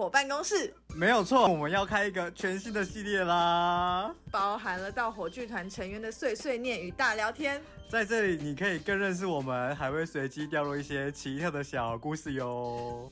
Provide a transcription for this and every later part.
我辦公室沒有錯，我們要開一個全新的系列啦，包含了盜火劇團成員的碎碎念與大聊天，在這裡你可以更認識我們，還會隨機掉落一些奇特的小故事喲。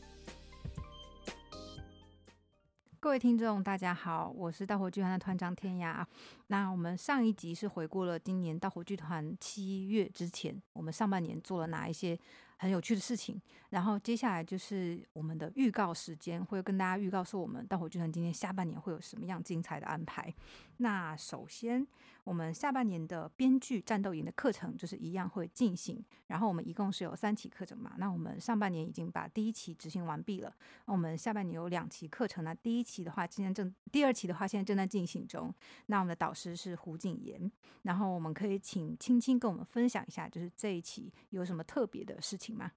各位聽眾，大家好，我是盜火劇團的團長天涯。那我們上一集是回顧了今年盜火劇團七月之前，我們上半年做了哪一些？很有趣的事情，然後接下來就是我們的預告時間，會跟大家預告說我們盜火劇團今年下半年會有什麼樣精彩的安排。那首先，我們下半年的編劇戰鬥營的課程就是一樣會進行。然後我們一共是有三期課程嘛？那我們上半年已經把第一期執行完畢了。那我們下半年有兩期課程，那第一期的話，今天正；第二期的話，現在正在進行中。那我們的導師是胡錦筵。然後我們可以請青青跟我們分享一下，就是這一期有什麼特別的事情嗎？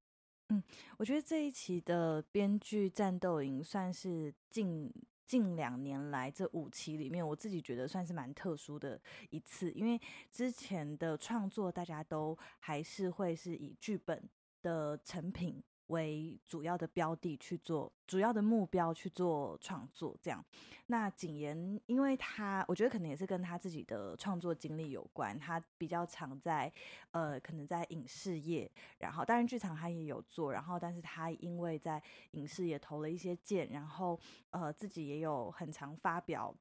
嗯，我覺得這一期的編劇戰鬥營算是進。近兩年來這五期裡面，我自己覺得算是蠻特殊的一次，因為之前的創作，大家都還是會是以劇本的成品。為主要的標的去做，主要的目標去做創作，這樣。那謹言，因為他我覺得可能也是跟他自己的創作經歷有關，他比較常在呃，可能在影視業，然後當然劇場他也有做，然後但是他因為在影視也投了一些件，然後呃自己也有很常發表，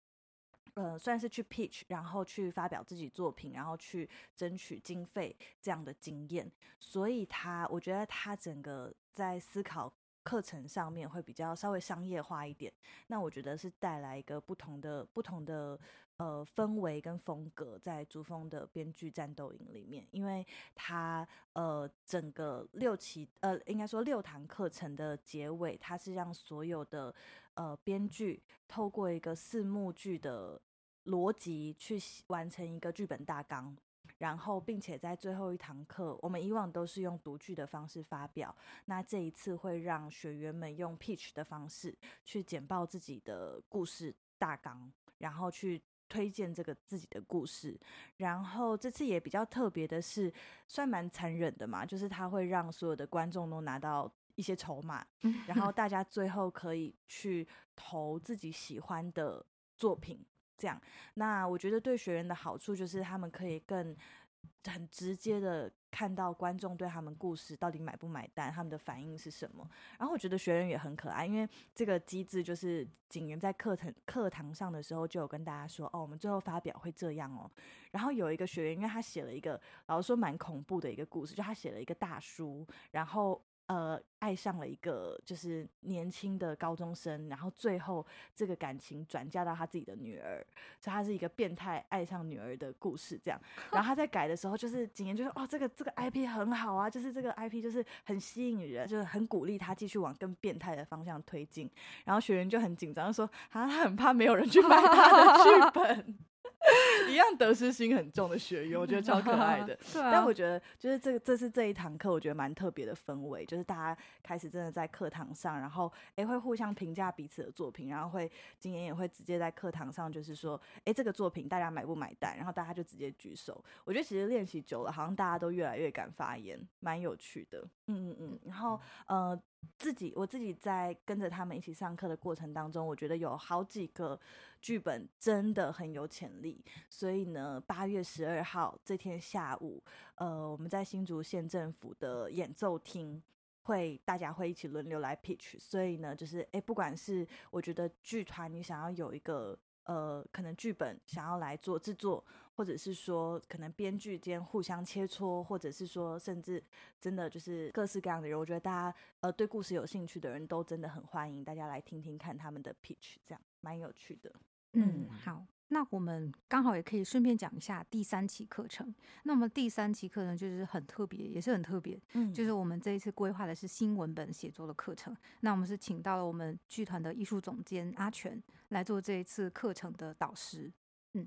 呃算是去 pitch，然後去發表自己作品，然後去爭取經費這樣的經驗，所以他我覺得他整個。在思考課程上面會比較稍微商業化一點，那我覺得是帶來一個不同的、不同的呃氛圍跟風格在竹風的編劇戰鬥營裡面，因為它呃整個六期呃應該說六堂課程的結尾，它是讓所有的呃編劇透過一個四幕劇的邏輯去完成一個劇本大綱。然後，並且在最後一堂課，我們以往都是用讀劇的方式發表，那這一次會讓學員們用 pitch 的方式去簡報自己的故事大綱，然後去推薦這個自己的故事。然後這次也比較特別的是，算蠻殘忍的嘛，就是他會讓所有的觀眾都拿到一些籌碼，然後大家最後可以去投自己喜歡的作品。這樣，那我覺得對學員的好處就是他們可以更很直接的看到觀眾對他們故事到底買不買單，他們的反應是什麼。然後我覺得學員也很可愛，因為這個機制就是警員在課程課堂上的時候就有跟大家說哦，我們最後發表會這樣哦。然後有一個學員，因為他寫了一個老實說蠻恐怖的一個故事，就他寫了一個大叔，然後。呃，愛上了一個就是年輕的高中生，然後最後這個感情轉嫁到他自己的女兒，所以他是一個變態愛上女兒的故事，這樣。然後他在改的時候，就是景言就說：“哦，這個這個 IP 很好啊，就是這個 IP 就是很吸引人，就是很鼓勵他繼續往更變態的方向推進。”然後學員就很緊張，說：“啊，他很怕沒有人去買他的劇本。” 一樣得失心很重的學員，我覺得超可愛的。啊啊、但我覺得，就是這個，這是這一堂課，我覺得蠻特別的氛圍，就是大家開始真的在課堂上，然後哎、欸，會互相評價彼此的作品，然後會今年也會直接在課堂上，就是說，哎、欸，這個作品大家買不買單，然後大家就直接舉手。我覺得其實練習久了，好像大家都越來越敢發言，蠻有趣的。嗯嗯嗯。然後呃。嗯自己，我自己在跟着他們一起上課的過程當中，我覺得有好幾個劇本真的很有潛力。所以呢，八月十二號這天下午，呃，我們在新竹縣政府的演奏廳會，大家會一起輪流來 pitch。所以呢，就是誒，不管是我覺得劇團，你想要有一個呃，可能劇本想要來做制作。或者是說，可能編劇間互相切磋，或者是說，甚至真的就是各式各樣的人。我覺得大家呃對故事有興趣的人都真的很歡迎大家來聽聽看他們的 pitch，這樣蠻有趣的。嗯，好，那我們剛好也可以順便講一下第三期課程。那麼第三期課程就是很特別，也是很特別，嗯，就是我們這一次規劃的是新文本寫作的課程。那我們是請到了我們劇團的藝術總監阿權來做這一次課程的導師，嗯。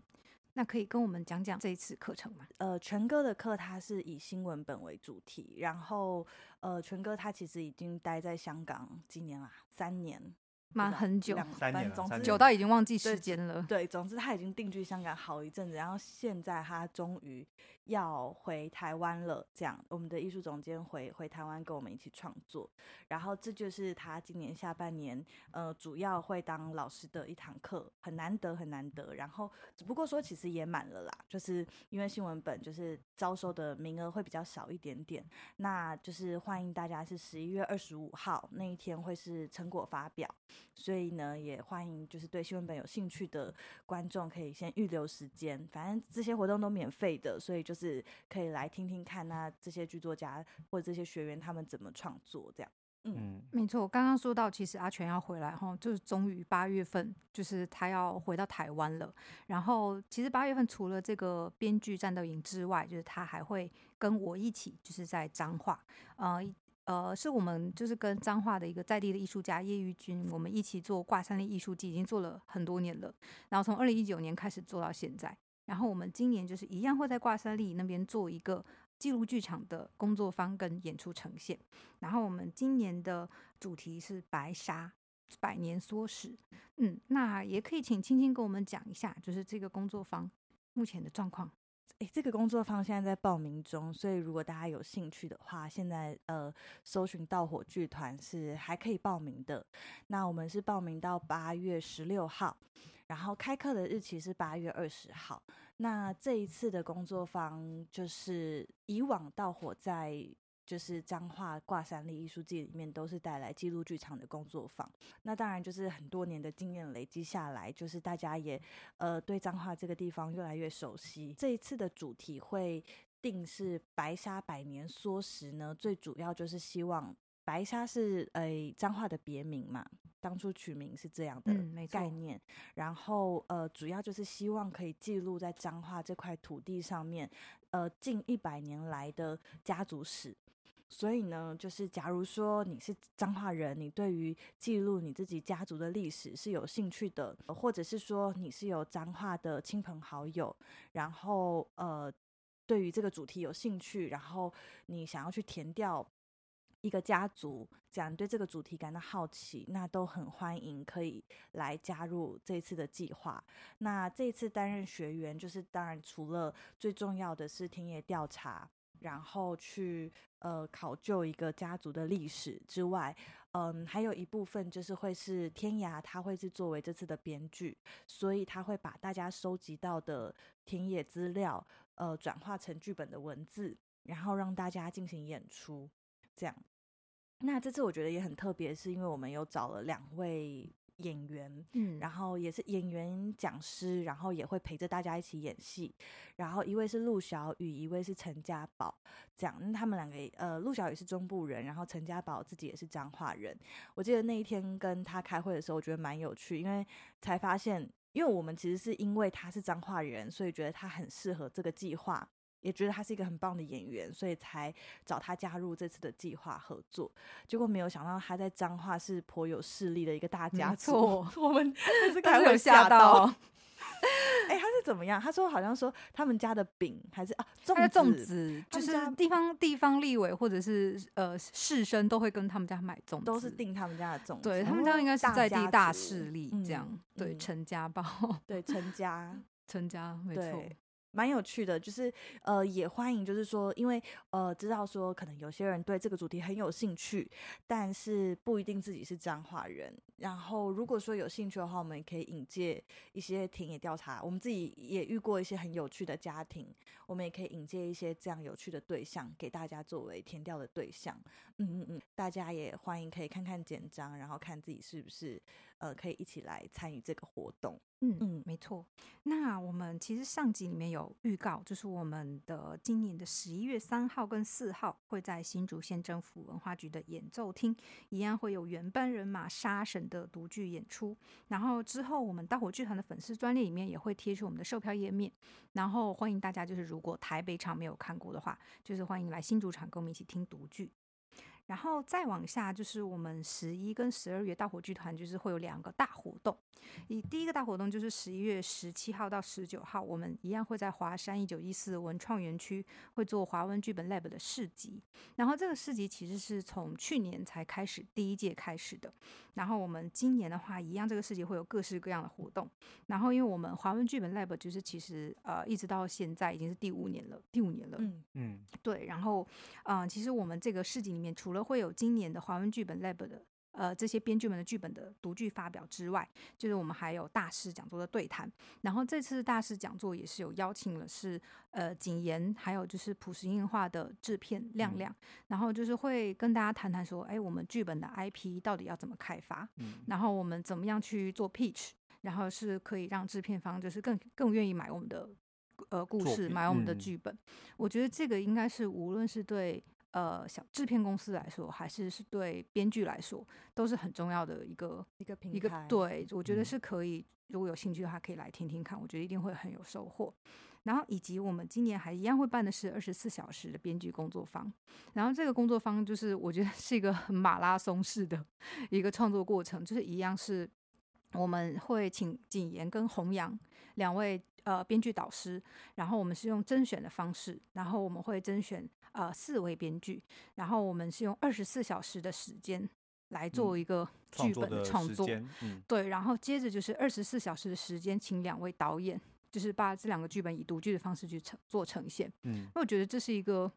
那可以跟我們講講這一次課程嗎？呃，權哥的課他是以新文本為主題，然後呃，權哥他其實已經待在香港幾年啦，三年。蠻很久了，反正久之到已經忘記時間了，對。對，總之他已經定居香港好一陣子，然後現在他終於要回台灣了。這樣，我們的藝術總監回回台灣跟我們一起創作。然後這就是他今年下半年，呃，主要會當老師的一堂課，很難得很難得。然後，只不過說其實也滿了啦，就是因為新聞本就是招收的名額會比較少一點點。那就是歡迎大家，是十一月二十五號那一天會是成果發表。所以呢，也歡迎就是對新聞本有興趣的觀眾，可以先預留時間。反正這些活動都免費的，所以就是可以來聽聽看啊，這些劇作家或者這些學員他們怎麼創作這樣。嗯，嗯，沒錯，我剛剛說到，其實阿權要回來哈，就是終於八月份，就是他要回到台灣了。然後其實八月份除了這個編劇戰鬥營之外，就是他還會跟我一起，就是在彰化，呃呃，是我們就是跟彰化的一個在地的藝術家葉玉君，我們一起做卦山力藝術季，已經做了很多年了。然後從二零一九年開始做到現在。然後我們今年就是一樣會在卦山力那邊做一個記錄劇場的工作坊跟演出呈現。然後我們今年的主題是白沙，百年縮時。嗯，那也可以請青青跟我們講一下，就是這個工作坊目前的狀況。哎，這個工作坊現在在報名中，所以如果大家有興趣的話，現在呃，搜尋“盜火劇團”是還可以報名的。那我們是報名到八月十六號，然後開課的日期是八月二十號。那這一次的工作坊，就是以往盜火在，就是彰化卦山力藝術季裡面都是帶來記錄劇場的工作坊，那當然就是很多年的經驗累積下來，就是大家也呃對彰化這個地方越來越熟悉。這一次的主題會定是白沙百年縮時呢，最主要就是希望白沙是呃彰化的別名嘛，當初取名是這樣的概念。嗯、然後呃主要就是希望可以記錄在彰化這塊土地上面。呃，近一百年來的家族史，所以呢，就是假如說你是彰化人，你對於記錄你自己家族的歷史是有興趣的，呃、或者是說你是有彰化的親朋好友，然後呃，對於這個主題有興趣，然後你想要去田調。一個家族，這樣對這個主題感到好奇，那都很歡迎可以來加入這次的計劃。那這次擔任學員，就是當然除了最重要的是田野調查，然後去呃考究一個家族的歷史之外，嗯，還有一部分就是會是天涯，他會是作為這次的編劇，所以他會把大家收集到的田野資料，呃，轉化成劇本的文字，然後讓大家進行演出，這樣。那這次我覺得也很特別，是因為我們有找了兩位演員，嗯，然後也是演員講師，然後也會陪着大家一起演戲。然後一位是陸小雨，一位是陳家寶，這樣。那他們兩個呃，陸小雨是中部人，然後陳家寶自己也是彰化人。我記得那一天跟他開會的時候，我覺得蠻有趣，因為才發現，因為我們其實是因為他是彰化人，所以覺得他很適合這個計劃。也覺得他是一個很棒的演員，所以才找他加入這次的計劃合作。結果沒有想到他在彰化是頗有勢力的一個大家族，我們錯 還會嚇是有點嚇到、 欸。他是怎麼樣？他說好像說他們家的餅還是啊，粽子，的粽子就是地方地方立委或者是呃士紳都會跟他們家買粽子，都是訂他們家的粽子。對他們家應該是在地大勢力，這樣、嗯嗯、對陳家暴，對陳家陳家沒錯。對。蠻有趣的，就是呃，也歡迎，就是說，因為呃，知道說可能有些人對這個主題很有興趣，但是不一定自己是彰化人。然後如果說有興趣的話，我們也可以引介一些田野調查，我們自己也遇過一些很有趣的家庭，我們也可以引介一些這樣有趣的對象給大家作為田調的對象。嗯嗯嗯，大家也歡迎可以看看簡章，然後看自己是不是。呃，可以一起來參與這個活動。嗯嗯，嗯，沒錯。那我們其實上集裡面有預告，就是我們的今年的十一月三號跟四號會在新竹縣政府文化局的演奏廳，一樣會有原班人馬《殺神》的讀劇演出。然後之後，我們盜火劇團的粉絲專列裡面也會貼出我們的售票頁面。然後歡迎大家，就是如果台北場沒有看過的話，就是歡迎來新竹場跟我們一起聽讀劇。然後再往下就是我們十一跟十二月盜火劇團就是會有兩個大活動，一，第一個大活動就是十一月十七號到十九號，我們一樣會在華山一九一四文創園區會做華文劇本 Lab 的市集，然後這個市集其實是從去年才開始第一屆開始的，然後我們今年的話一樣這個市集會有各式各樣的活動，然後因為我們華文劇本 Lab 就是其實呃一直到現在已經是第五年了，第五年了，嗯嗯對，然後嗯、呃、其實我們這個市集裡面出除了會有今年的華文劇本 LAB 的呃這些編劇們的劇本的讀劇發表之外，就是我們還有大師講座的對談。然後這次大師講座也是有邀請了是，是呃謹炎，言還有就是樸實映畫的制片亮亮。嗯、然後就是會跟大家談談說，哎，我們劇本的 IP 到底要怎麼開發？嗯、然後我們怎麼樣去做 pitch？然後是可以讓制片方就是更更願意買我們的呃故事，嗯、買我們的劇本。我覺得這個應該是無論是對。呃，小製片公司來說，還是是對編劇來說，都是很重要的一個一個平台。對，我覺得是可以，嗯、如果有興趣的話，可以來聽聽看，我覺得一定會很有收穫。然後以及我們今年還一樣會辦的是二十四小時的編劇工作坊。然後這個工作坊就是我覺得是一個馬拉松式的一個創作過程，就是一樣是我們會請謹言跟弘洋兩位。呃，編劇導師，然後我們是用甄選的方式，然後我們會甄選呃四位編劇，然後我們是用二十四小時的時間來做一個劇本的創作，嗯創作嗯、對，然後接着就是二十四小時的時間，請兩位導演就是把這兩個劇本以讀劇的方式去呈做呈現，嗯，那我覺得這是一個。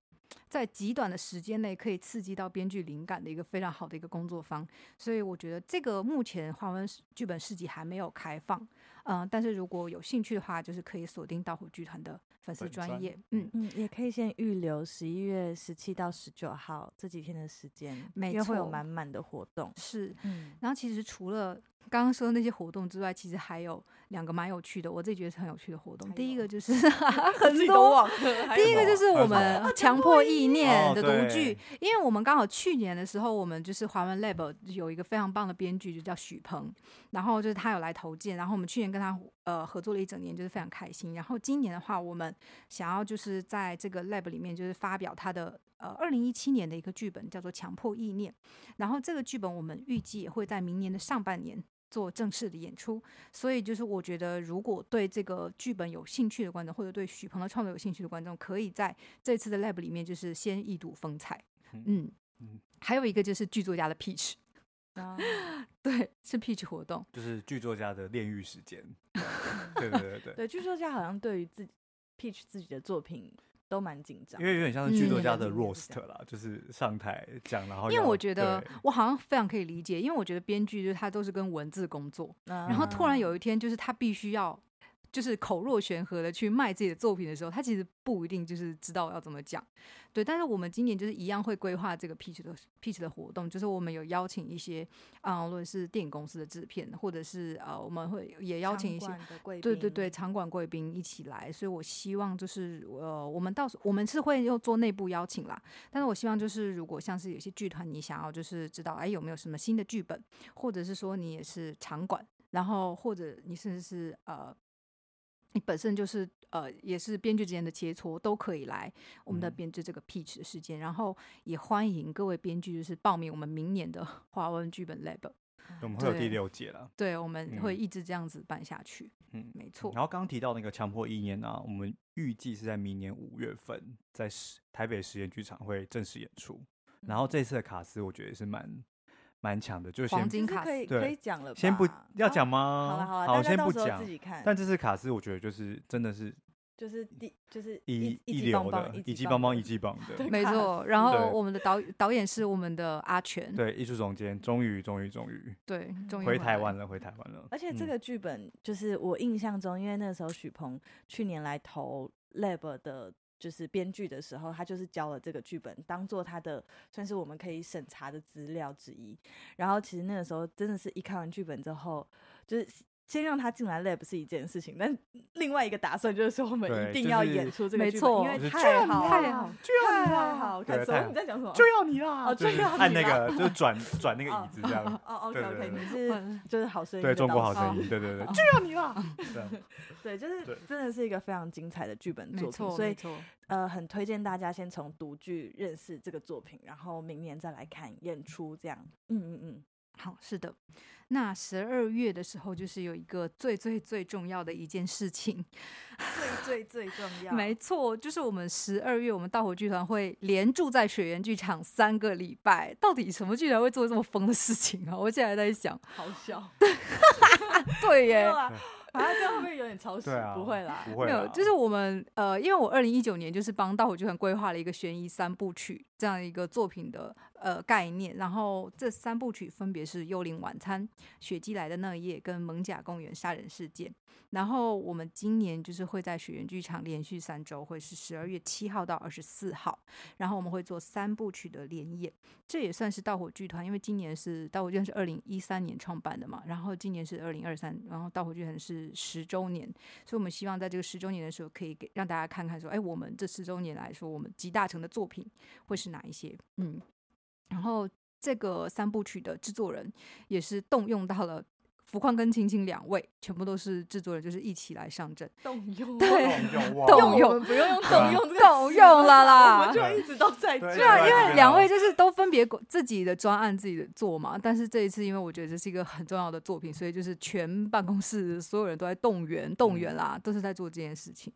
在極短的時間內可以刺激到編劇靈感的一個非常好的一個工作坊。所以我覺得這個目前華文劇本市集還沒有開放，嗯、呃，但是如果有興趣的話，就是可以鎖定盜火劇團的粉絲專業，餐嗯嗯，也可以先預留十一月十七到十九號這幾天的時間，每天錯會有滿滿的活動，是，嗯，然後其實除了。剛剛說的那些活動之外，其實還有兩個蠻有趣的，我自己覺得是很有趣的活動。有第一個就是 很多，第一個就是我們強迫意念的讀劇，哦、因為我們剛好去年的時候，我們就是華文 Lab 有一個非常棒的編劇，就叫許鵬，然後就是他有來投件。然後我們去年跟他呃合作了一整年，就是非常開心。然後今年的話，我們想要就是在這個 Lab 裡面就是發表他的呃二零一七年的一個劇本，叫做強迫意念。然後這個劇本我們預計也會在明年的上半年。做正式的演出，所以就是我覺得，如果對這個劇本有興趣的觀眾，或者對許鵬的創作有興趣的觀眾，可以在這次的 lab 裡面，就是先一睹風采。嗯嗯，還有一個就是劇作家的 peach。啊， 對，是 peach 活動，就是劇作家的煉獄時間。對對對對，對劇作家好像對於自己 peach 自己的作品。都蠻緊張，因為有點像是劇作家的 roast 啦，嗯、就是上台講，然後因為我覺得對我好像非常可以理解，因為我覺得編劇就是他都是跟文字工作，嗯、然後突然有一天就是他必須要。就是口若懸河的去賣自己的作品的時候，他其實不一定就是知道要怎麼講，對。但是我們今年就是一樣會規劃這個 pitch 的 pitch 的活動，就是我們有邀請一些，啊、呃，無論是電影公司的制片，或者是呃，我們會也邀請一些，對對對，場館貴賓一起來。所以我希望就是呃，我們到時我們是會又做內部邀請啦。但是我希望就是如果像是有些劇團，你想要就是知道哎、欸、有沒有什麼新的劇本，或者是說你也是場館，然後或者你甚至是呃。本身就是呃，也是編劇之間的切磋都可以來我們的編劇這個 pitch 的時間，嗯、然後也歡迎各位編劇就是報名我們明年的華文劇本 Lab，對對我們會有第六屆了，對，我們會一直這樣子辦下去，嗯，沒錯錯、嗯。然後剛剛提到那個強迫意念啊，我們預計是在明年五月份在台北實驗劇場會正式演出。然後這次的卡司我覺得也是蠻。蠻強的，就是黃金卡，可以可以講了。先不要講嗎？好了好先不講。自己看。但這次卡司我覺得就是真的是，就是第就是一一流的一級棒棒一級棒的，沒錯。然後我們的導導演是我們的阿全，對，藝術總監終於終於終於對終於。回台灣了，回台灣了。而且這個劇本就是我印象中，因為那時候許鵬去年來投 LAB 的。就是編劇的時候，他就是交了這個劇本，當做他的算是我們可以審查的資料之一。然後其實那個時候，真的是一看完劇本之後，就是。先讓他進來，那不是一件事情，但另外一個打算就是說，我們一定要演出這個劇本，因為太好，太好，太好。我說你在講什麼？就要你啦！就是要按那個，就是轉轉那個椅子這樣子。哦哦，OK，你是就是好聲音，對，中國好聲音，對對對，就要你啦！這樣，對，就是真的是一個非常精彩的劇本作品，所以呃，很推薦大家先從讀劇認識這個作品，然後明年再來看演出這樣。嗯嗯嗯。好，是的。那十二月的時候，就是有一個最最最重要的一件事情，最最最重要， 沒錯，就是我們十二月，我們盜火劇團會連住在水源劇場三個禮拜。到底什麼劇團會做這麼瘋的事情啊？我現在還在想，好笑。 對耶，對啊，這樣會不會有點超時？啊、不會啦，不會啦沒有。就是我們呃，因為我二零一九年就是幫盜火劇團規劃了一個懸疑三部曲這樣一個作品的。呃，概念。然後這三部曲分別是《幽靈晚餐》《雪姬來的那一夜》跟《蒙甲公園殺人事件》。然後我們今年就是會在水源劇場連續三周，會是十二月七號到二十四號。然後我們會做三部曲的連演。這也算是盜火劇團，因為今年是盜火劇團是二零一三年創辦的嘛。然後今年是二零二三，然後盜火劇團是十周年，所以我們希望在這個十周年的時候，可以給讓大家看看說，哎，我們這十周年來說，我們集大成的作品會是哪一些？嗯。然後，這個三部曲的製作人也是動用到了福寬跟青青兩位，全部都是製作人，就是一起來上陣。動用對，動用，哇動用不用用動用，嗯、動用了啦， 我們就一直都在做、嗯。對，對因為兩位就是都分別自己的專案、嗯、自己的做嘛，但是這一次，因為我覺得這是一個很重要的作品，所以就是全辦公室所有人都在動員，動員啦，嗯、都是在做這件事情。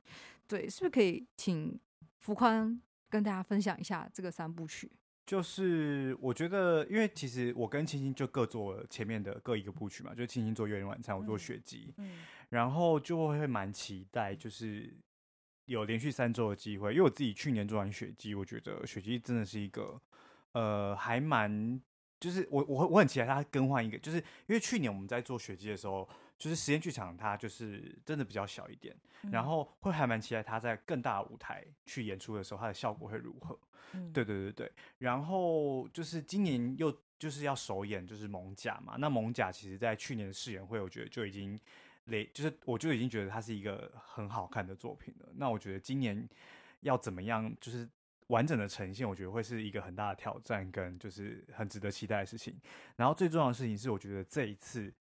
對，是不是可以請福寬跟大家分享一下這個三部曲？就是我覺得，因為其實我跟青青就各做前面的各一個部曲嘛，就是青青做月影晚餐，我做雪姬，然後就會蠻期待，就是有連續三周的機會，因為我自己去年做完雪姬，我覺得雪姬真的是一個，呃，還蠻。就是我我我很期待他更換一個，就是因為去年我們在做雪姬的時候，就是實驗劇場它就是真的比較小一點，嗯、然後會還蠻期待他在更大的舞台去演出的時候，它的效果會如何？嗯、對對對對。然後就是今年又就是要首演就是蒙甲嘛，那蒙甲其實在去年的試演會，我覺得就已經雷，就是我就已經覺得它是一個很好看的作品了。那我覺得今年要怎麼樣就是。完整的呈現，我覺得會是一個很大的挑戰，跟就是很值得期待的事情。然後最重要的事情是，我覺得這一次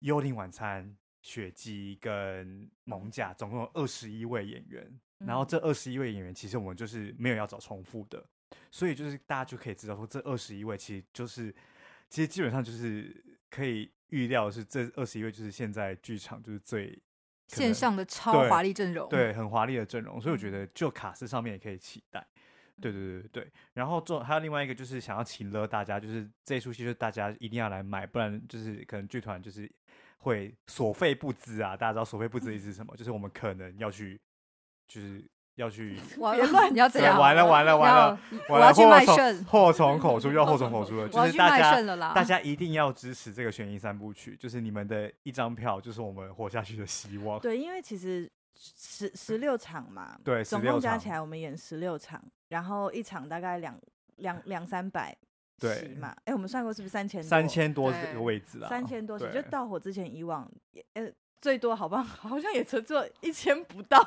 幽靈晚餐雪姬跟蒙甲總共有二十一位演員。然後這二十一位演員，其實我們就是沒有要找重複的，所以就是大家就可以知道說，這二十一位其實就是其實基本上就是可以預料的是這二十一位就是現在劇場就是最線上的超華麗陣容，對，很華麗的陣容。所以我覺得就卡司上面也可以期待。對對對對，然後做還有另外一個就是想要情勒大家，就是這一出戲就是大家一定要來買，不然就是可能劇團就是會所費不貲啊。大家知道所費不貲意思什麼？就是我們可能要去，就是要去。完了 亂，對你要這樣，完了，完了，要完了，我要去賣腎。禍從口出，又禍從口出了， 就是大家大家一定要支持這個懸疑三部曲，就是你們的一張票就是我們活下去的希望。對，因為其實十十六場嘛，對，總共加起來我們演十六場。然後一場大概兩兩兩三百起嘛，哎對、欸，我們算過是不是三千多三千多，這個位置啊，三千多起，對，就到火之前以往也呃最多好不好好像也乘做一千不到， 然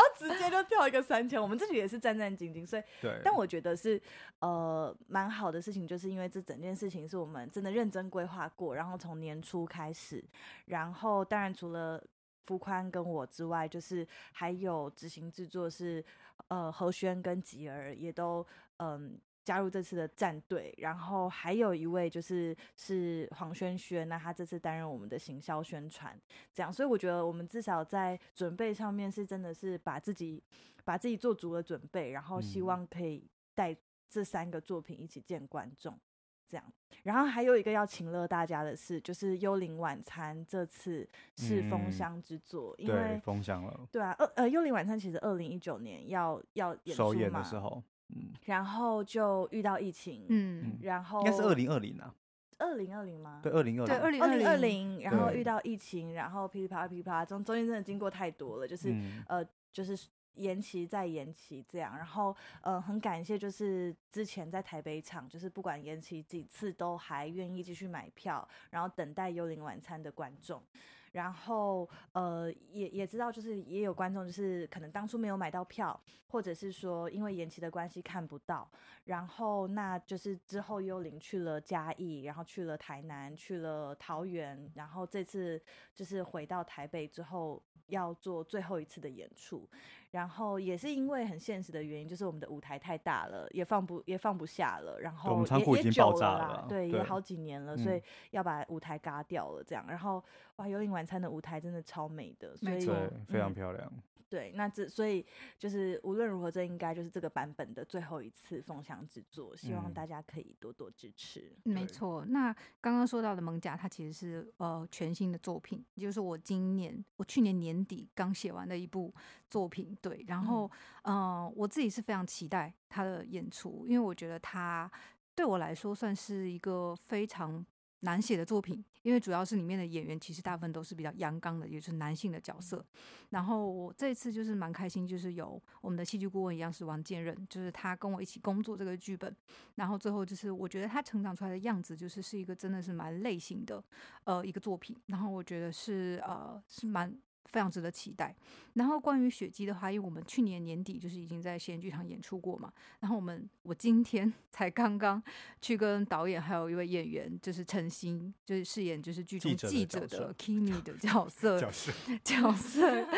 後直接就跳一個三千，我們自己也是戰戰兢兢，所以對。但我覺得是呃蠻好的事情，就是因為這整件事情是我們真的認真規劃過，然後從年初開始，然後當然除了付寬跟我之外，就是還有執行製作是。呃，合萱跟姞兒也都嗯加入這次的戰隊，然後還有一位就是是黃萱軒、啊，那他這次擔任我們的行銷宣傳，這樣，所以我覺得我們至少在準備上面是真的是把自己把自己做足了準備，然後希望可以帶這三個作品一起見觀眾。嗯這樣，然後還有一個要請樂大家的是，就是《幽靈晚餐》這次是封箱之作，因為封箱了。對啊，呃呃，《幽靈晚餐》其實二零一九年要要演出嘛，的時候嗯，然後就遇到疫情，嗯，然後應該是二零二零啊，二零二零嗎？對，二零二零，對，二零二零，然後遇到疫情，對然後噼裡啪啦噼裡啪啦，中中間真的經過太多了，就是、嗯、呃，就是。延期再延期這樣，然後呃很感謝，就是之前在台北場，就是不管延期幾次都還願意繼續買票，然後等待幽靈晚餐的觀眾，然後呃也也知道，就是也有觀眾就是可能當初沒有買到票，或者是說因為延期的關係看不到，然後那就是之後幽靈去了嘉義，然後去了台南，去了桃園，然後這次就是回到台北之後要做最後一次的演出。然後也是因為很現實的原因，就是我們的舞台太大了，也放不也放不下了。然後倉庫對也已經爆炸了啦，對，對也好幾年了，嗯、所以要把舞台嘎掉了。這樣，然後哇，幽靈晚餐的舞台真的超美的，錯所以，對嗯、非常漂亮。對，那這所以就是無論如何，這應該就是這個版本的最後一次封箱之作，希望大家可以多多支持。嗯、沒錯，那剛剛說到的蒙甲，它其實是呃全新的作品，就是我今年我去年年底剛寫完的一部作品，對，然後嗯、呃，我自己是非常期待他的演出，因為我覺得他對我來說算是一個非常。難寫的作品，因為主要是裡面的演員其實大部分都是比較陽剛的，也就是男性的角色。然後我這次就是蠻開心，就是有我們的戲劇顧問一樣是王健任，就是他跟我一起工作這個劇本。然後最後就是我覺得他成長出來的樣子，就是是一個真的是蠻類型的呃一個作品。然後我覺得是呃是蠻。非常值得期待。然後關於雪姬的話，因為我們去年年底就是已經在實驗劇場演出過嘛。然後我們我今天才剛剛去跟導演還有一位演員，就是陳星，就是飾演就是劇中記者的 Kimi 的角色的角色的角色角色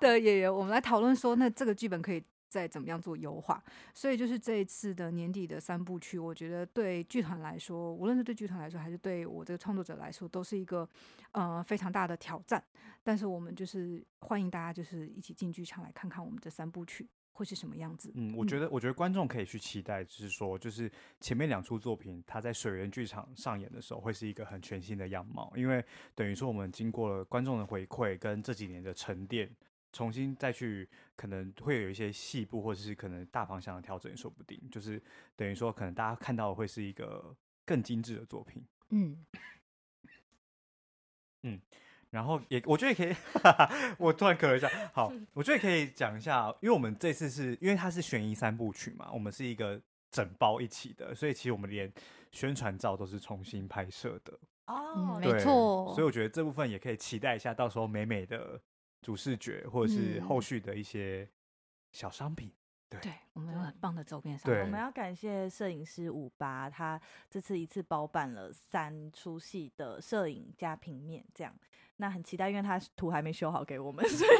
的演員，我們來討論說，那這個劇本可以。再怎麼樣做優化，所以就是這一次的年底的三部曲，我覺得對劇團來說，無論是對劇團來說，還是對我這個創作者來說，都是一個呃非常大的挑戰。但是我們就是歡迎大家，就是一起進劇場來看看我們這三部曲會是什麼樣子。嗯，我覺得，我覺得觀眾可以去期待，就是說，就是前面兩出作品它在水源劇場上演的時候，會是一個很全新的樣貌，因為等於說我們經過了觀眾的回饋跟這幾年的沉澱。重新再去，可能會有一些細部，或者是可能大方向的調整，也說不定。就是等於說，可能大家看到的會是一個更精緻的作品。嗯嗯，然後也我覺得也可以哈哈，我突然咳了一下。好，我覺得可以講一下，因為我們這次是因為它是懸疑三部曲嘛，我們是一個整包一起的，所以其實我們連宣傳照都是重新拍攝的。哦，對沒錯。所以我覺得這部分也可以期待一下，到時候美美的。主視覺，或者是後續的一些小商品，對。我們有很棒的周邊商品。我們要感謝攝影師五八，他這次一次包辦了三齣戲的攝影加平面，這樣，那很期待，因為他圖還沒修好給我們，所以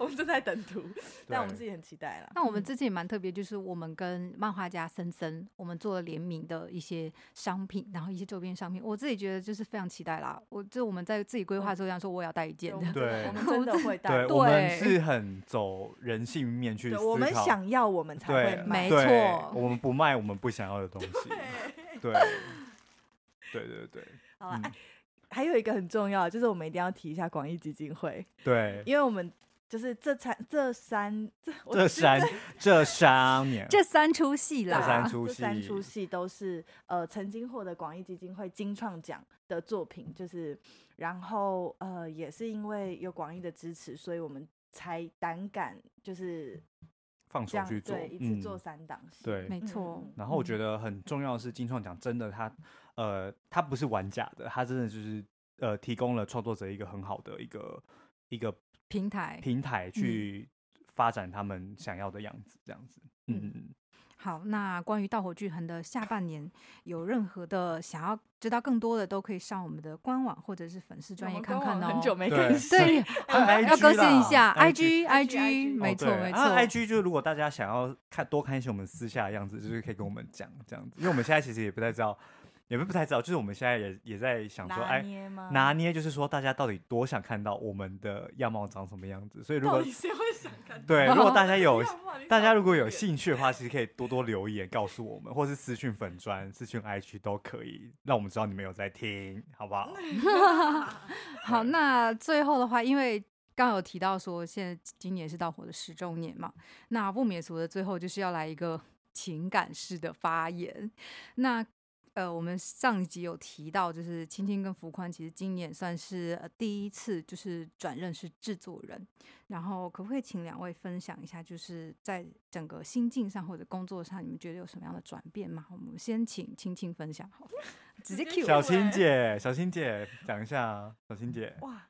我們正在等圖，但我們自己很期待啦。那我們這次也蠻特別，就是我們跟漫畫家森森，我們做了聯名的一些商品，然後一些周邊商品，我自己覺得就是非常期待啦。我就我們在自己規劃之後，這樣說我也要帶一件的。對，我們真的會帶。對，我們是很走人性面去。我們想要，我們才。對沒錯對，我們不賣我們不想要的東西。對,對，對對對。好啦、嗯啊，還有一個很重要，就是我們一定要提一下廣藝基金會。對，因為我們就是這三這三這,這三這,這三年這, 這三出戲啦，這三,戲這三出戲都是呃曾經獲得廣藝基金會金創獎的作品，就是然後呃也是因為有廣藝的支持，所以我們才膽敢就是。放手去做，嗯，做三檔，對，嗯、沒錯。然後我覺得很重要的是，金創獎真的，它呃，它不是玩假的，它真的就是呃，提供了創作者一個很好的一個一個平台，平台去發展他們想要的樣子，這樣子，嗯。嗯嗯好，那關於《盜火劇團》的下半年有任何的想要知道更多的，都可以上我們的官網或者是粉絲專頁看看哦。很久沒更新，對，要更新一下。I G I G，沒錯沒錯。啊、錯 I G 就如果大家想要看多看一些我們私下的樣子，就是可以跟我們講這樣子，因為我們現在其實也不太知道。 也不太知道，就是我們現在也也在想說，哎，拿捏就是說，大家到底多想看到我們的樣貌長什麼樣子？所以如果到底誰會想看？對，如果大家有 大家如果有興趣的話，其實可以多多留言 告訴我們，或是私訊粉專， 私訊 IG 都可以，讓我們知道你們有在聽，好不好？好，那最後的話，因為剛有提到說，現在今年是盜火的十週年嘛，那不免俗的最後就是要來一個情感式的發言，那。呃，我們上一集有提到，就是青青跟福寬，其實今年算是呃第一次，就是轉任是製作人。然後可不可以請兩位分享一下，就是在整個心境上或者工作上，你們覺得有什麼樣的轉變嗎？我們先請青青分享好。好， 直接 Q、欸。小青姐，小青姐講一下啊，小青姐。哇，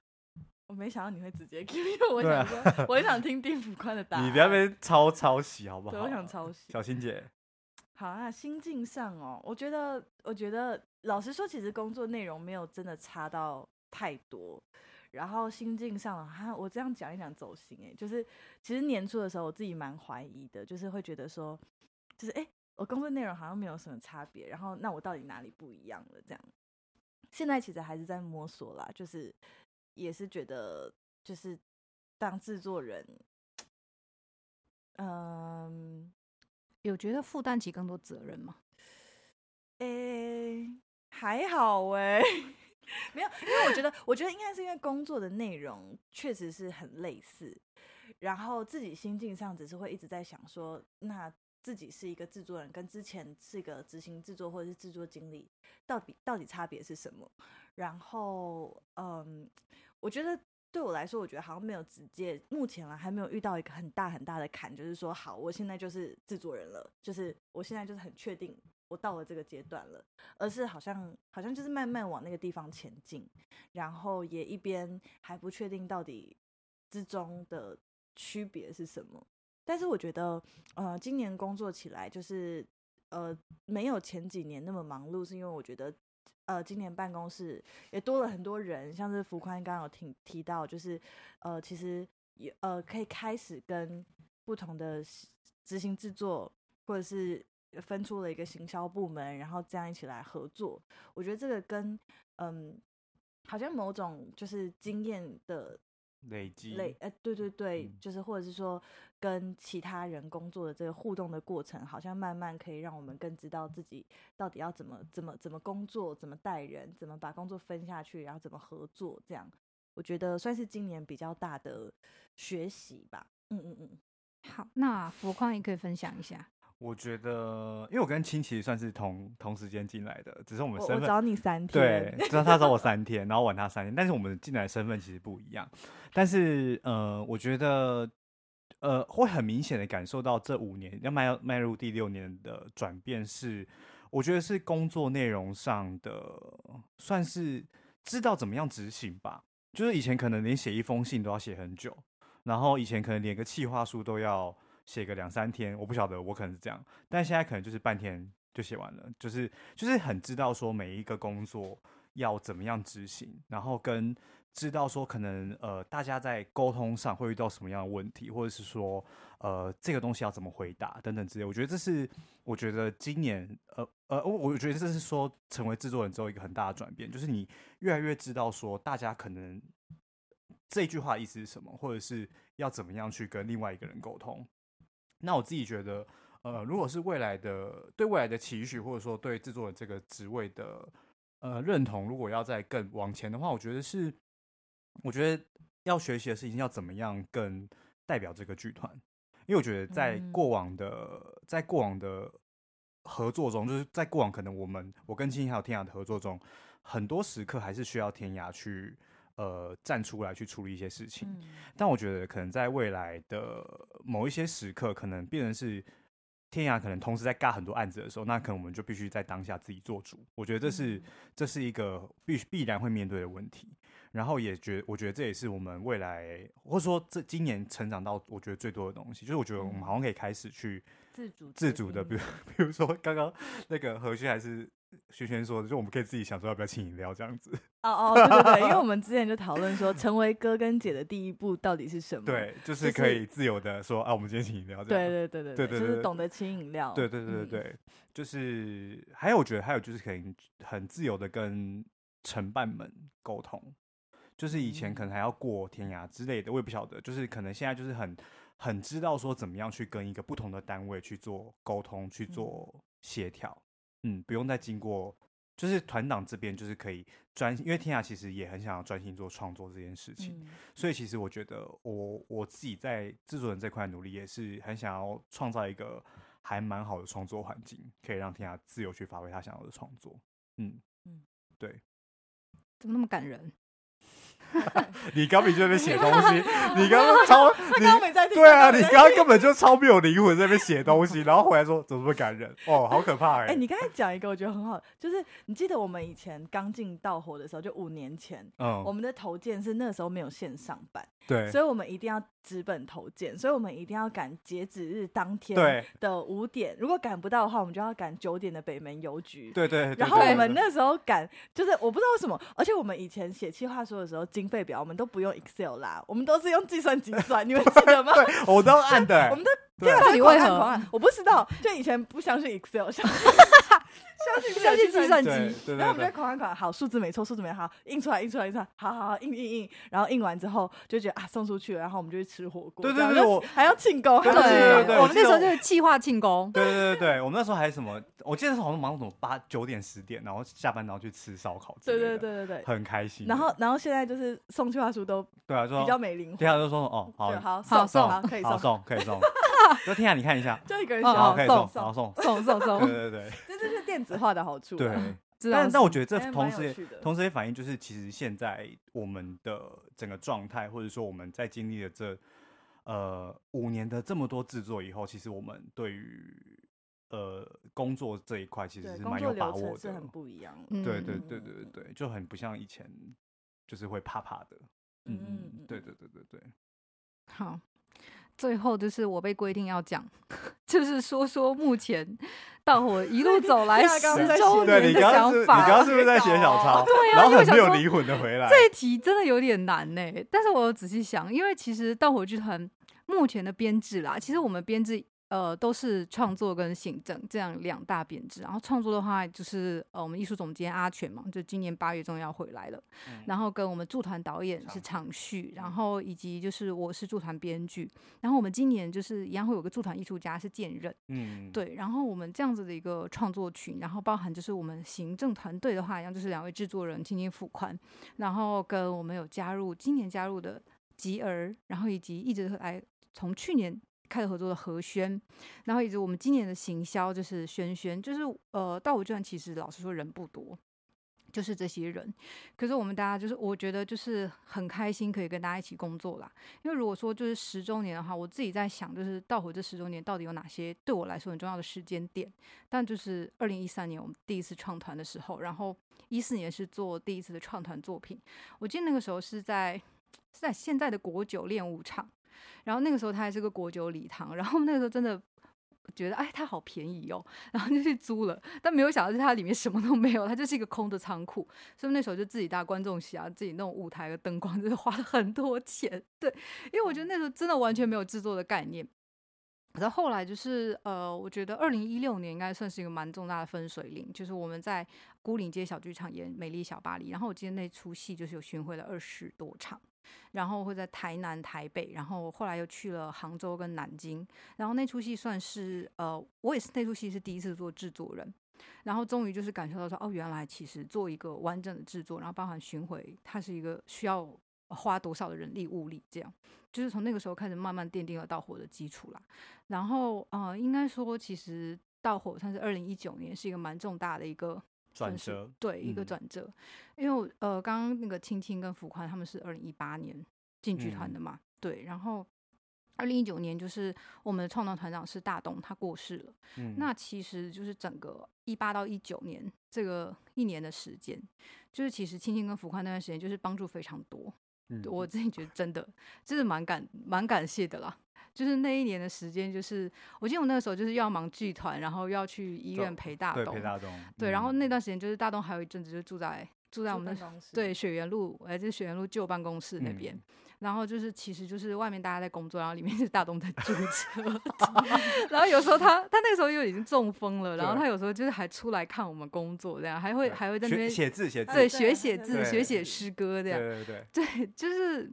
我沒想到你會直接 Q，因為我想說，對啊、 我也想聽丁福寬的答案。你那邊抄抄襲好不好？對，我想抄襲。小青姐。好啊，心境上哦，我覺得，我覺得，老實說，其實工作內容沒有真的差到太多。然後心境上，哈，我這樣講一講走心誒、欸。就是其實年初的時候，我自己蠻懷疑的，就是會覺得說，就是哎，我工作內容好像沒有什麼差別。然後那我到底哪裡不一樣了？這樣，現在其實還是在摸索啦，就是也是覺得就是當制作人，嗯、呃。有覺得負擔起更多責任嗎？誒、欸，還好誒、欸， 沒有，因為我覺得， 我覺得應該是因為工作的內容確實是很類似，然後自己心境上只是會一直在想說，那自己是一個制作人，跟之前是一個執行制作或者是制作經理，到底到底差別是什麼？然後，嗯，我覺得。對我來說，我覺得好像沒有直接，目前來還沒有遇到一個很大很大的坎，就是說，好，我現在就是製作人了，就是我現在就是很確定我到了這個階段了，而是好像好像就是慢慢往那個地方前進，然後也一邊還不確定到底之中的區別是什麼，但是我覺得，呃，今年工作起來就是呃沒有前幾年那麼忙碌，是因為我覺得。呃，今年辦公室也多了很多人，像是福寬剛剛有提提到，就是，呃，其實也呃可以開始跟不同的執行製作，或者是分出了一個行銷部門，然後這樣一起來合作。我覺得這個跟嗯、呃，好像某種就是經驗的。累積累呃、欸、對對對，嗯、就是或者是說跟其他人工作的這個互動的過程，好像慢慢可以讓我們更知道自己到底要怎麼怎麼怎麼工作，怎麼帶人，怎麼把工作分下去，然後怎麼合作，這樣我覺得算是今年比較大的學習吧。嗯嗯嗯，好，那阿寬也可以分享一下。我覺得，因為我跟青其實，算是同同時間進來的，只是我們身份。我找你三天。對，知道 他找我三天，然後玩他三天，但是我們進來的身份其實不一樣。但是呃，我覺得呃，會很明顯的感受到這五年要邁入邁入第六年的轉變是，我覺得是工作內容上的，算是知道怎麼樣執行吧。就是以前可能連寫一封信都要寫很久，然後以前可能連個企劃書都要。寫個兩三天，我不曉得，我可能是這樣，但現在可能就是半天就寫完了，就是就是很知道說每一個工作要怎麼樣執行，然後跟知道說可能呃大家在溝通上會遇到什麼樣的問題，或者是說呃這個東西要怎麼回答等等之類的，我覺得這是我覺得今年呃呃我我覺得這是說成為製作人之後一個很大的轉變，就是你越來越知道說大家可能這句話意思是什麼，或者是要怎麼樣去跟另外一個人溝通。那我自己覺得，呃，如果是未來的對未來的期許，或者說對製作人這個職位的，呃，認同，如果要再更往前的話，我覺得是，我覺得要學習的事情要怎麼樣更代表這個劇團，因為我覺得在過往的、嗯、在過往的合作中，就是在過往可能我們我跟青青還有天涯的合作中，很多時刻還是需要天涯去。呃，站出來去處理一些事情，嗯、但我覺得可能在未來的某一些時刻，可能變成是天涯，可能同時在尬很多案子的時候，那可能我們就必須在當下自己做主。我覺得這是、嗯、這是一個必必然會面對的問題，然後也覺我覺得這也是我們未來或者說這今年成長到我覺得最多的東西，就是我覺得我們好像可以開始去自主自主的，比如比如說剛剛那個何旭還是。萱軒說：“就我們可以自己想說要不要請飲料這樣子。”哦哦，對對對， 因為我們之前就討論說，成為哥跟姐的第一步到底是什麼？對，就是可以自由的說 啊，我們今天請飲料這樣。對對對對，對對對對對，就是懂得請飲料。對對對對對，就是還有，我覺得還有就是可以很自由的跟承辦們溝通。就是以前可能還要過天涯之類的，我也不曉得。就是可能現在就是很很知道說怎麼樣去跟一個不同的單位去做溝通，去做協調。嗯嗯，不用再經過，就是團長這邊就是可以專，因為天涯其實也很想要專心做創作這件事情，嗯、所以其實我覺得我我自己在制作人這塊努力也是很想要創造一個還蠻好的創作環境，可以讓天涯自由去發揮他想要的創作。嗯嗯，對，怎麼那麼感人？ 你剛就在那邊寫東西， 你剛超， 你他剛剛沒在，對啊， 你剛剛根本就超沒有靈魂在那邊寫東西， 然後回來說怎麼這麼感人哦，好可怕哎、欸！哎、欸，你剛才講一個我覺得很好，就是你記得我們以前剛進盜火的時候，就五年前，嗯，我們的投件是那時候沒有線上版。對所，所以我們一定要紙本投件，所以我們一定要趕截止日當天的五點，對如果趕不到的話，我們就要趕九點的北門郵局。對對，對，對對，然後我們那時候趕，就是我不知道為什麼，而且我們以前寫企劃書的時候，經費表我們都不用 Excel 啦，我們都是用計算機算， 你們記得嗎？ 對，我都按的。我也很狂啊，我不知道，就以前不相信 Excel，相信相信計算機。然後我們狂按狂按，好數字沒錯，數字沒好，印出來，印出來，印出來，好好好，印印印。然後印完之後就覺得啊，送出去了，然後我們就去吃火鍋，對對對，還要慶功，對對對，我們那時候就是企劃慶功，對對對，我們那時候還有什麼？我記得好像忙到什麼八九點十點，然後下班然後去吃燒烤，對對對對對，很開心。然後然後現在就是送計劃書都對啊，比較沒靈活。對啊，就說哦，好，好，好，送，可以送，可以送。就聽下，你看一下，就一個人寫，然後送，然後送，送送送，對對對，這就是電子化的好處。對，但但我覺得這同時也，同時也反映就是，其實現在我們的整個狀態，或者說我們在經歷了這呃五年的這麼多制作以後，其實我們對於呃工作這一塊其實是蠻有把握的，是很不一樣的。對對對對對，就很不像以前，就是會怕怕的。嗯嗯嗯，對對對對對，好。最後就是我被規定要講，就是說說目前盜火 一路走來十週年的想法。 對，你剛剛是，是不是在寫小抄？ 對啊、 然後沒有離婚的回來。這一題真的有點難呢、欸，但是我仔細想，因為其實盜火劇團目前的編制啦，其實我們編制。呃，都是創作跟行政這樣兩大編制。然後創作的話，就是呃，我們藝術總監阿全嘛，就今年八月中要回來了。嗯、然後跟我們駐團導演是常旭，嗯、然後以及就是我是駐團編劇。然後我們今年就是一樣會有個駐團藝術家是建任，嗯，對。然後我們這樣子的一個創作群，然後包含就是我們行政團隊的話，一樣就是兩位製作人青青阿寬。然後跟我們有加入今年加入的吉兒，然後以及一直來從去年開始合作的合萱，然後以及我們今年的行銷就是萱軒，就是呃，盜火劇團其實老實說人不多，就是這些人。可是我們大家就是我覺得就是很開心可以跟大家一起工作啦。因為如果說就是十週年的話，我自己在想就是盜火這十週年到底有哪些對我來說很重要的時間點，但就是二零一三年我們第一次創團的時候，然後一四年是做第一次的創團作品，我記得那個時候是在是在現在的國酒練舞場。然後那個時候它還是個國酒禮堂，然後那個時候真的覺得哎，它好便宜哦。然後就去租了，但沒有想到是它裡面什麼都沒有，它就是一個空的倉庫，所以那時候就自己搭觀眾席啊，自己弄舞台和燈光，就是花了很多錢，對，因為我覺得那時候真的完全沒有制作的概念。可是後來就是呃，我覺得二零一六年應該算是一個蠻重大的分水嶺，就是我們在牯嶺街小劇場演《美麗小巴黎》，然後我記得那出戲就是有巡回了二十多場。然後會在台南、台北，然後後來又去了杭州跟南京，然後那出戲算是呃，我也是那出戲是第一次做製作人，然後終於就是感受到說，哦，原來其實做一個完整的製作，然後包含巡回，它是一個需要花多少的人力物力這樣，就是從那個時候開始慢慢奠定了盜火的基礎啦。然後呃，應該說其實盜火算是二零一九年是一個蠻重大的一個。轉折，對，一個轉折，嗯、因為我呃，剛剛那個青青跟福寬他們是二零一八年進劇團的嘛，嗯、對，然後二零一九年就是我們的創造團長是大東，他過世了，嗯、那其實就是整個一八到一九年這個一年的時間，就是其實青青跟福寬那段時間就是幫助非常多，嗯，我自己覺得真的真的蠻感蠻感謝的啦。就是那一年的時間，就是我記得我那個時候就是要忙劇團，然後要去醫院陪大東，陪大東，對，然後那段時間就是大東還有一陣子就住在住在我們的對雪原路，哎，就是雪原路舊辦公室那邊。然後就是其實就是外面大家在工作，然後裡面是大東在住著。然後有時候他他那個時候又已經中風了，然後他有時候就是還出來看我們工作這樣，還會還會在那邊寫字寫字對，學寫字學寫詩歌這樣，對對對，對就是。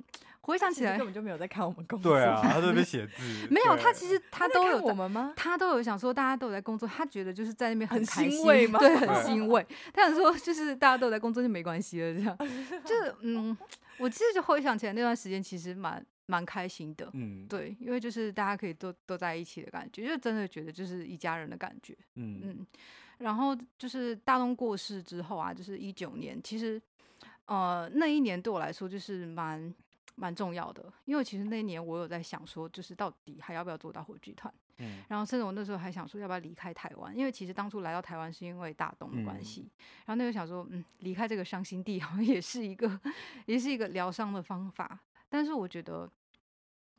回想起來，根本就沒有在看我們公司。對啊， 他都在寫字。 沒有他，其實他都有怎麼嗎？他都有想說，大家都有在工作，他覺得就是在那邊很開心。欣慰嗎？對，很欣慰。 他想說，就是大家都有在工作就沒關係了，這樣。 就是嗯，我其實就回想起來那段時間，其實蠻蠻開心的。嗯，對，因為就是大家可以都都在一起的感覺，就真的覺得就是一家人的感覺。嗯嗯。然後就是大東過世之後啊，就是一九年，其實呃那一年對我來說就是蠻。蠻重要的，因為其實那一年我有在想說，就是到底還要不要做盜火劇團？嗯、然後甚至我那時候還想說，要不要離開台灣？因為其實當初來到台灣是因為大東的關係，嗯、然後那時候想說，嗯，離開這個傷心地好像也是一個，也是一個療傷的方法。但是我覺得，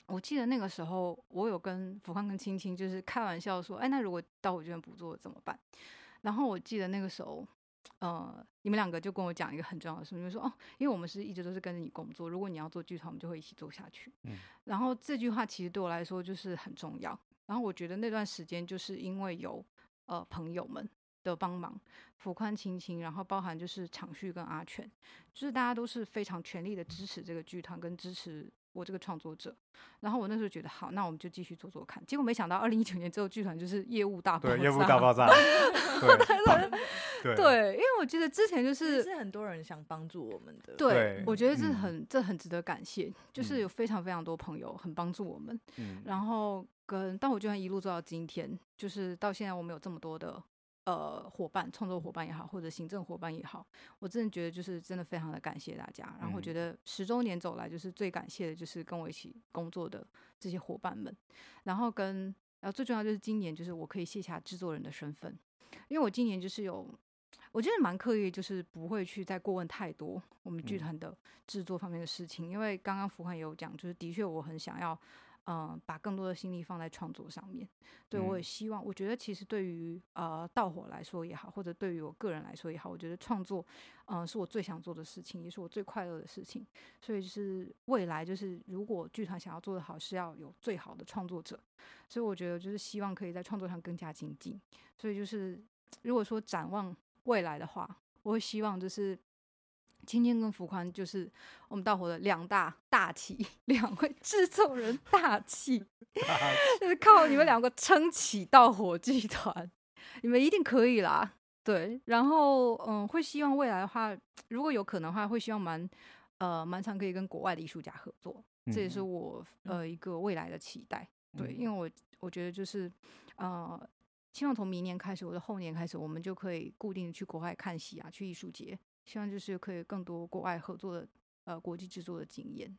我記得那個時候我有跟福康跟青青就是開玩笑說，哎，那如果盜火劇團不做怎麼辦？然後我記得那個時候。呃，你們兩個就跟我講一個很重要的事，你們說哦，因為我們是一直都是跟着你工作，如果你要做劇團，我們就會一起做下去。嗯，然後這句話其實對我來說就是很重要。然後我覺得那段時間就是因為有呃朋友們的幫忙，福寬、青青，然後包含就是長旭跟阿權，就是大家都是非常全力的支持這個劇團跟支持。我這個創作者，然後我那時候覺得好，那我們就繼續做做看。結果沒想到，二零一九年之後，劇團就是業務大爆炸，對業務大爆炸， 對，因為我覺得之前就是是很多人想幫助我們的，對，我覺得這很、嗯、這很值得感謝，就是有非常非常多朋友很幫助我們，嗯、然後跟，但我就算一路做到今天，就是到現在我們有這麼多的。呃，夥伴、創作夥伴也好，或者行政夥伴也好，我真的覺得就是真的非常的感謝大家。然後我覺得十週年走來，就是最感謝的就是跟我一起工作的這些夥伴們。然後跟然後最重要就是今年就是我可以卸下製作人的身份，因為我今年就是有我覺得蠻刻意，就是不會去再過問太多我們劇團的製作方面的事情。嗯、因為剛剛福寬也有講，就是的確我很想要。嗯、呃，把更多的心力放在創作上面。對、mm. 我也希望，我覺得其實對於呃盜火來說也好，或者對於我個人來說也好，我覺得創作，嗯、呃，是我最想做的事情，也是我最快樂的事情。所以就是未來，就是如果劇團想要做得好，是要有最好的創作者。所以我覺得就是希望可以在創作上更加精進。所以就是如果說展望未來的話，我會希望就是。青青跟福寬就是我們盜火的兩大大氣，兩位制作人大氣，就是 靠你們兩個撐起盜火劇團，你們一定可以啦，對。然後，嗯，會希望未來的話，如果有可能的話，會希望蠻呃蠻常可以跟國外的藝術家合作，這也是我呃一個未來的期待，對，因為我我覺得就是呃希望從明年開始，或者後年開始，我們就可以固定的去國外看戲啊，去藝術節。希望就是可以更多國外合作的，呃，國際製作的經驗。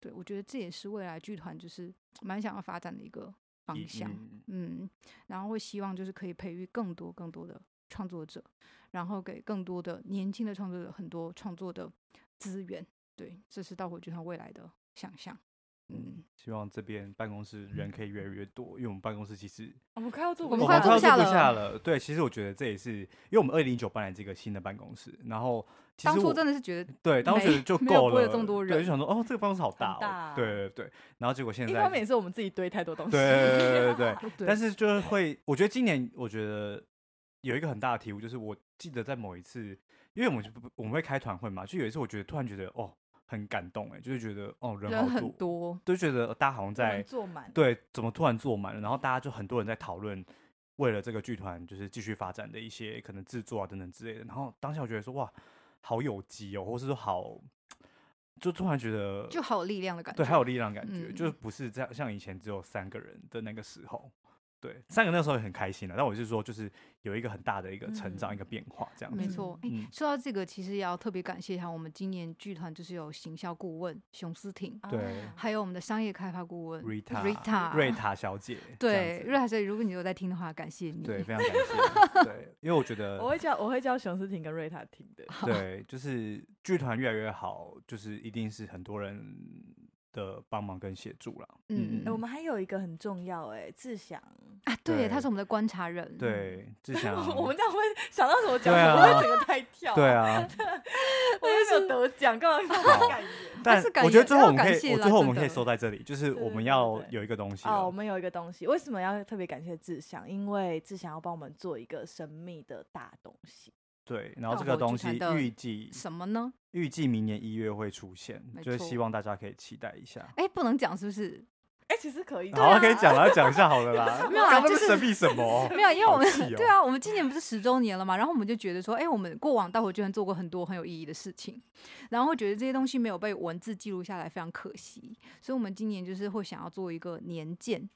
對，我覺得這也是未來劇團就是蠻想要發展的一個方向，嗯，嗯。然後會希望就是可以培育更多更多的創作者，然後給更多的年輕的創作者很多創作的資源。對，這是盜火劇團未來的想象。嗯，希望這邊辦公室人可以越來越多，因為我們辦公室其實我們快要坐我們快要坐不下了。下了對，其實我覺得這也是因為我們二零一九搬來這個新的辦公室，然後當初真的是覺得對，當時就夠了，對，沒有這麼多人對，就想說哦，這個辦公室好大，哦，啊、對對對。然後結果現在因為每次我們自己堆太多東西，對對,對對對對。但是就是會，我覺得今年我覺得有一個很大的題目就是，我記得在某一次，因為我們我們會開團會嘛，就有一次我覺得突然覺得哦。很感動哎、欸，就是覺得哦，人好多人很多，就覺得大家好像在坐滿，對，怎麼突然坐滿了？然後大家就很多人在討論，為了這個劇團就是繼續發展的一些可能制作啊等等之類的。然後當下我覺得說哇，好有機哦、喔，或是說好，就突然覺得就好有力量的感覺，對，好有力量的感覺，嗯、就是不是這樣像以前只有三個人的那個時候。對，三個那時候也很開心了，但我是說，就是有一個很大的一個成長，一個變化這樣。沒錯，哎，說到這個，其實也要特別感謝一下我們今年劇團，就是有行銷顧問熊思婷，對，還有我們的商業開發顧問 Rita 蕾塔小姐，對，蕾塔小姐，如果你有在聽的話，感謝你，對，非常感謝，對，因為我覺得我會叫我會叫熊思婷跟蕾塔聽的，對，就是劇團越來越好，就是一定是很多人。的幫忙跟協助了。嗯，嗯、欸，我們還有一個很重要、欸，哎，志祥啊，對，對他是我們的觀察人。對，志祥， 我們這樣會想到什麼獎？我們會整個太跳，對啊，我又是、啊啊、 得獎，幹嘛 但是我覺得最後我們可以，我最後我們可以收在這裡，就是我們要有一個東西啊、哦，我們有一個東西，為什麼要特別感謝志祥？因為志祥要幫我們做一個神秘的大東西。對，然後這個東西預計、哦、什麼呢？預計明年一月會出現，錯就是希望大家可以期待一下。哎、欸，不能講是不是？哎、欸，其實可以。啊、好，可以講了，講一下好了啦。 沒有啦，剛剛是神秘什麼、就是？沒有，因為我們 對啊，我們今年不是十週年了嘛？然後我們就覺得說，哎、欸，我們過往到我居然做過很多很有意義的事情，然後覺得這些東西沒有被文字記錄下來，非常可惜。所以，我們今年就是會想要做一個年鑑。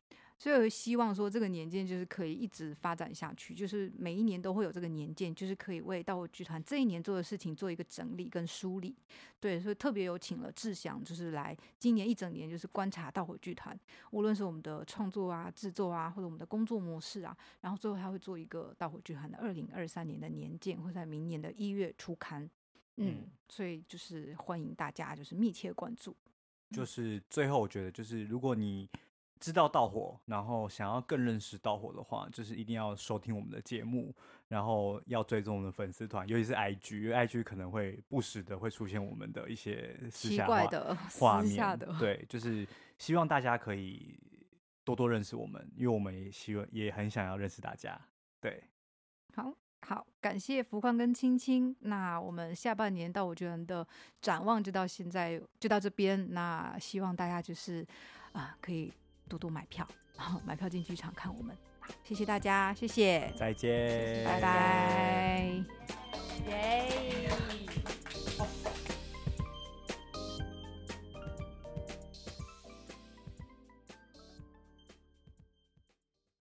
所以我希望說這個年鑑就是可以一直發展下去，就是每一年都會有這個年鑑，就是可以為盜火劇團這一年做的事情做一個整理跟梳理。對，所以特別有請了志祥，就是來今年一整年就是觀察盜火劇團，無論是我們的創作啊、制作啊，或者我們的工作模式啊，然後最後他會做一個盜火劇團的二零二三年的年鑑，會在明年的一月初刊。嗯，所以就是歡迎大家就是密切關注。就是最後我覺得就是如果你。知道盜火，然後想要更認識盜火的話，就是一定要收聽我們的節目，然後要追蹤我們的粉絲團，尤其是 IG，IG 因為 IG 可能會不時的會出現我們的一些私下的畫面。奇怪的的對，就是希望大家可以多多認識我們，因為我們也希望也很想要認識大家。對，好，好，感謝浮光跟青青。那我們下半年到我覺得的展望就到現在就到這邊。那希望大家就是啊、呃、可以。多多買票，買票進劇場看我們，謝謝大家，謝謝，再見，謝謝，拜拜，拜拜，耶。Yeah.